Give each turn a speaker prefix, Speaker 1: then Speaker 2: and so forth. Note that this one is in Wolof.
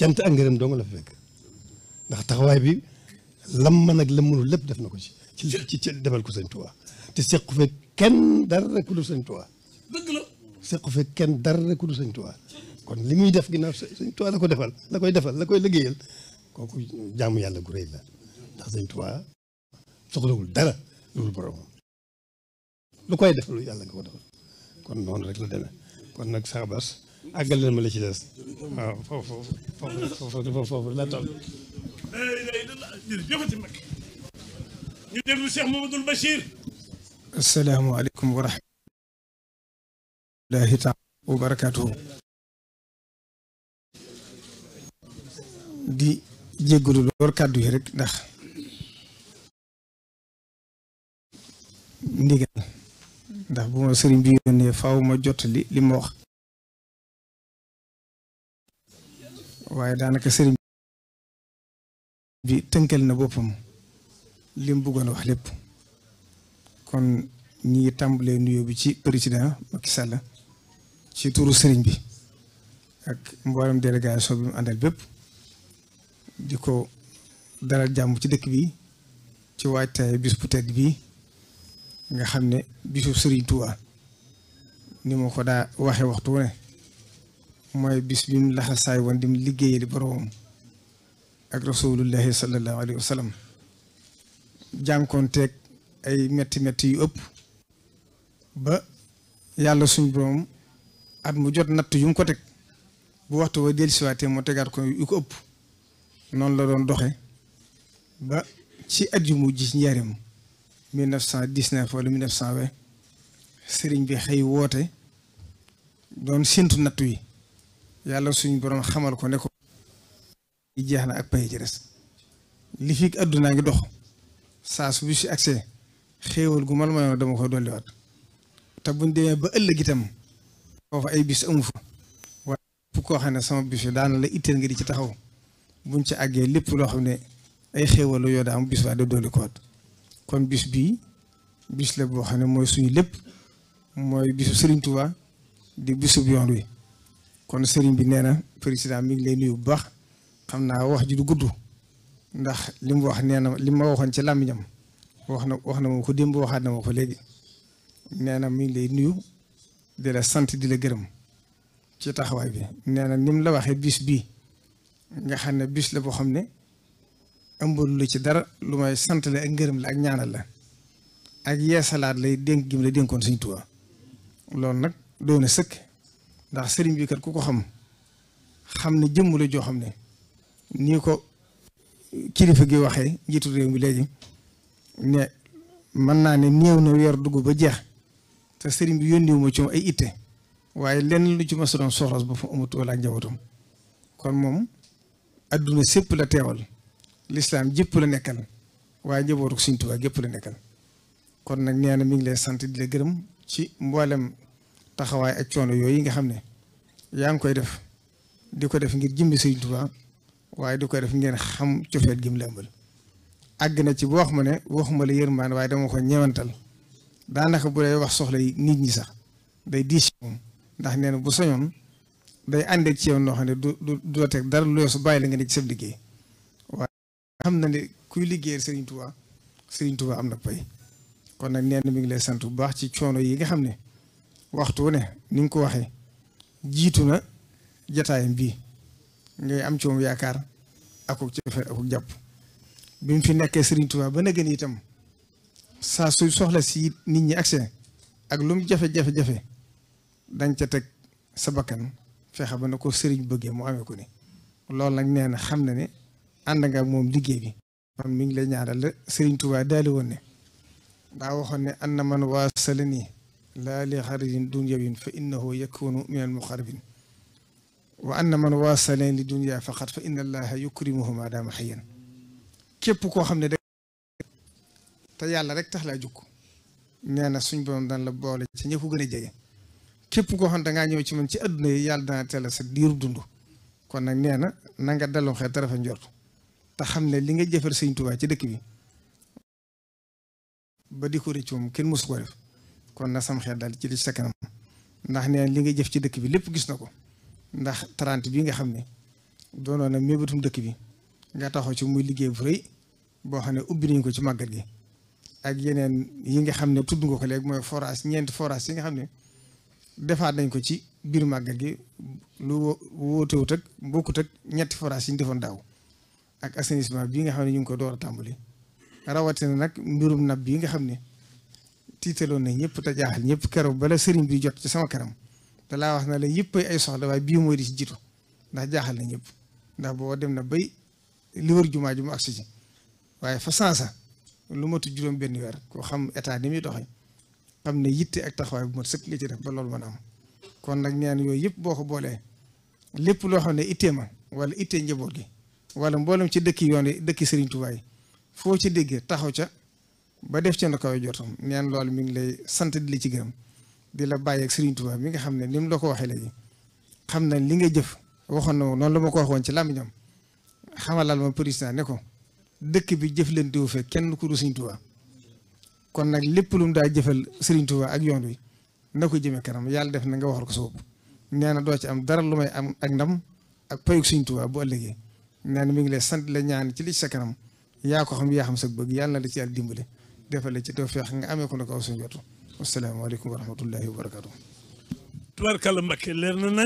Speaker 1: كانت انغرام دون لا فك دا تخواي بي لما نك لمنو لب داف نكو شي شي شي دبل كو سنتوا تي سيقو في كين دار كو سنتوا دغ لا سيقو في كين دار كو سنتوا كون لي مي داف غينا سنتوا لاكو دفال لاكوي دفال لاكوي لغييل كوكو جامو يالا غو ريلا دا سنتوا تخلوغول دار لول بروم لوكوي دفلو يالا غو دفال كون نون رك لا دمه كون نك àggal leen ma la ci des waaw foofu foofu foofu
Speaker 2: foofu la toll. jërëjëf ñu déglu Cheikh Mamadou Bachir. asalaamaaleykum wa
Speaker 1: rahmatulahi
Speaker 2: taala wa barakaatuhu. di jéggalu lool kàddu yi rek ndax. ndigal ndax bu ma sëriñ bi yónnee faaw ma jottali li ma wax. waaye daanaka sëriñ bi tënkal na boppam lim mu bëggoon wax lépp kon ñi tàmbalee nuyoo bi ci président Macky Sall ci turu sëriñ bi ak mboolem délégation bi mu bépp di ko dalal jàmm ci dëkk bi ci waajtaay bis bu bi nga xam ne bisu sëriñ Touba ni ma ko daa waxe waxtu ne mooy bis bi mu laxasaay woon di mu liggéeyal boroomam ak rasulullahi sallallahu alayhi wa sallam jànkoonteeg ay metti metti yu ëpp ba yàlla suñ boroom at mu jot natt yu mu ko teg bu waxtu wa dellusiwaatee mu tegaat ko yu ko ëpp noonu la doon doxe ba ci at yu mujj ci njaarim 1919 wala 1920 sëriñ bi xëy woote doon séntu nattu yi yàlla suñu borom xamal ko ne ko jeex na ak pay ci des li fi àddunaa ngi dox saa su bi si accès xéewal gu mal mayoon dama koy dolliwaat te buñ demee ba ëllëg itam foofu ay bis amu fa waaye fu koo ne sama bis yi daana la itteel nga di ci taxaw buñ ci àggee lépp loo xam ne ay xéewal yoo daa am bis waa da dolli ko wat kon bis bii bis la boo xam ne mooy suñu lépp mooy bisu Serigne Touba di bisub yoon wi kon sëriñ bi nee na président mi ngi lay nuyu bu baax xam naa wax ji du gudd ndax li mu wax nee na li ma waxoon ci làmmiñam wax na wax na ma ko démb waxaat na ma ko léegi nee na mi ngi lay nuyu di la sant di la gërëm ci taxawaay bi nee na ni mu la waxee bis bii nga xam ne bis la boo xam ne ëmbalu la ci dara lu may sant la ak ngërëm la ak ñaanal la ak salaat lay dénk gi mu la dénkoon suñu Tuubaa loolu nag doon na sëkk. ndax sëriñ bi kat ku ko xam xam ne jëmm la joo xam ne nii ko kilifa gi waxee njiitu réew mi léegi ne mën naa ne néew na weer dugg ba jeex te sëriñ bi yónniwu ma ci ay itte waaye lenn lu ci ma doon soxlas ba fa amut wala njabootam kon moom adduna sépp la teewal lislaam jëpp la nekkal waaye njabootu Sëriñ Tuubaa gépp la nekkal kon nag nee na ngi lay sant di la gërëm ci mboolem taxawaay ak coono yooyu nga xam ne yaa ngi koy def di ko def ngir jëmbi Sëriñ Tuubaa waaye di ko def ngeen xam cofeet gi mu lëmbal àgg na ci boo xam ne waxuma la yërmaan waaye dama ko ñewantal daanaka bu lay wax soxla yi nit sax day diis moom ndax nee bu soñoon day àndee ci yow noo du du du la teg dara su bàyyi la nga ne liggéey waaye xam na ne kuy liggéeyal Sëriñ Tuubaa Sëriñ Tuubaa am na pay kon nag nee mi ngi lay sant bu baax ci coono yi nga xam ne. waxtu ne ni nga ko waxee jiitu na jataayam bii ngay am ci moom yaakaar akuk cofeel akuk jàpp bi mu fi nekkee Serigne Touba ba nëgën saa suy soxla si nit ñi accès ak lu jafe-jafe jafe dañ ca teg sa bakkan fexe ba na ko Serigne bëggee mu amee ni loolu nag nee na xam na ne ànd nga moom liggéey bi. kon mi ngi lay ñaanal la Serigne Touba daali ne daa waxoon ne ànd na man waa Sala nii. laa li xarijin dunyawin fa innahu yakunu min almuqarrabin wa anna man waasaleen li dunya faqat fa inna allaha yukrimuhu ma daama xayyan képp koo xam ne da yàlla rek tax laa jukk nee na suñ borom daan boole ci ñëpp gën képp koo xam ne dangaa ñëw ci man ci adduna yi yàlla dana teel sa diiru dund kon nag nee na na nga delloo xel te xam ne li nga jëfar sëñ Tuubaa ci dëkk bi ba di ko rëcc kenn mësu ko def kon na sam xel daal ci li ci sa ndax nee li nga jëf ci dëkk bi lépp gis na ko ndax trente bi nga xam ne doonoon na mébatum dëkk bi nga taxaw ci muy liggéey bu rëy boo xam ne ubbi nañ ko ci màggal gi ak yeneen yi nga xam ne tudd nga ko léegi mooy forage ñeenti forage yi nga xam ne defaat nañ ko ci biir màggat gi lu wóotewut ak bokkut ak ñetti forage yi ñu defoon daaw ak assainissement bii nga xam ne ñu ngi ko door a tàmbali rawatina nag mbirum nab bii nga xam ne tiitaloon na ñëpp te jaaxal ñëpp keroog bala sëriñ bi jot ci sama kanam te laa wax na la yëpp ay soxla waaye bii mooy di ci jiitu ndax jaaxal na ñëpp ndax boo dem na bay li wër jumaa ji mu agsi waaye fa sansa lu matu juróom benn weer koo xam état ni muy doxee xam ne yitte ak taxawaay bu mat sëkk ci def ba loolu mën a am kon nag ñaan yooyu yëpp boo ko boolee lépp loo xam ne ittee ma wala ittee njaboot gi wala mboolem ci dëkki yoon yi dëkki sëriñ Tuubaa yi foo ci déggee taxaw ca ba def ci lu kaw jortam neen loolu mi ngi lay sant di la ci gënam di la bàyyi ak Serigne Touba mi nga xam ne ni mu la ko waxee léegi xam na li nga jëf waxoon na noonu la ma ko waxoon ci làmmiñam xamalal ma président ne ko dëkk bi jëflante wu fee kenn ku du Serigne Touba kon nag lépp lu mu daa jëfal Serigne Touba ak yoon wi na ko jëmee kanam yàlla def na nga waxal ko sa bopp nee na doo ci am dara lu may am ak ndam ak payug Serigne Touba bu ëllëgee nee na mi ngi lay sant la ñaan ci li sa kanam yaa ko xam yaa xam sa bëgg yàlla na la dimbale. دفعل لك توفيق عمي كنا كوسن جاتو السلام عليكم ورحمة الله وبركاته تبارك الله مكلرنا